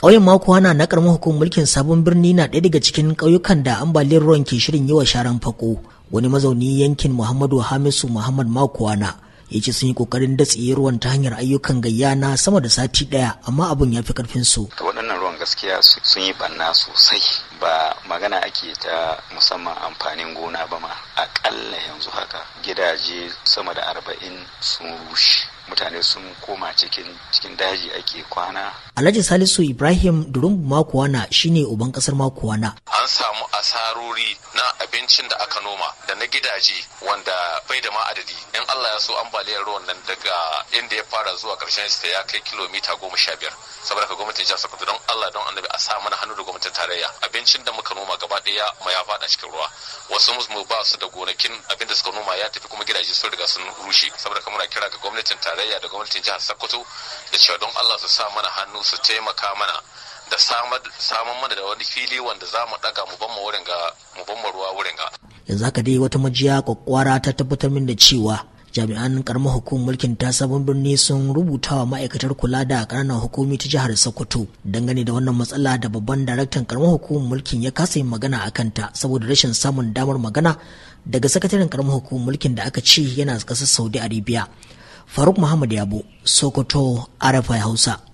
Ƙauyen Makuwana na ƙaramin hukumar mulkin sabon birni na ɗaya daga cikin ƙauyukan da ambaliyar ruwan ke shirin yi wa sharan fako. Wani mazauni yankin Muhammadu Hamisu Muhammad Makuwana ya ce sun yi ƙoƙarin datse ruwan ta hanyar ayyukan gayya na sama da sati ɗaya amma abin ya fi ƙarfin su. Waɗannan ruwan gaskiya sun yi ɓanna sosai ba magana ake ta musamman amfanin gona ba ma aƙalla yanzu haka gidaje sama da arba'in sun rushe. mutane sun koma cikin daji ake kwana alhaji salisu ibrahim Durum makuwana shine uban kasar makuwana an samu asarori na abincin da aka noma da na gidaje wanda bai da ma'adadi in allah ya so ambaliyar ruwan nan daga inda ya fara zuwa karshen shi ya kai kilomita goma sha biyar saboda ka gwamnatin jihar sokoto don allah don annabi a sa mana hannu da gwamnatin tarayya abincin da muka noma gaba ɗaya ma ya faɗa cikin ruwa wasu mu ba su da gonakin abinda suka noma ya tafi kuma gidaje sun riga sun rushe saboda muna kira ga gwamnatin tarayya tarayya da gwamnatin jihar sokoto da cewa don allah su sa mana hannu su taimaka mana da samun mana da wani fili wanda za mu daga mu ban wurin ga mu ban ruwa wurin ga yanzu haka dai wata majiya kwakwara ta tabbatar min da cewa jami'an karamar hukumar mulkin ta sabon birni sun rubuta wa ma'aikatar kula da ƙananan hukumi ta jihar sokoto dangane da wannan matsala da babban daraktan karamar hukumar mulkin ya kasa yin magana a kanta saboda rashin samun damar magana daga sakataren karamar hukumar mulkin da aka ce yana kasar saudi arabia faruk muhammad yabo sokoto arafai hausa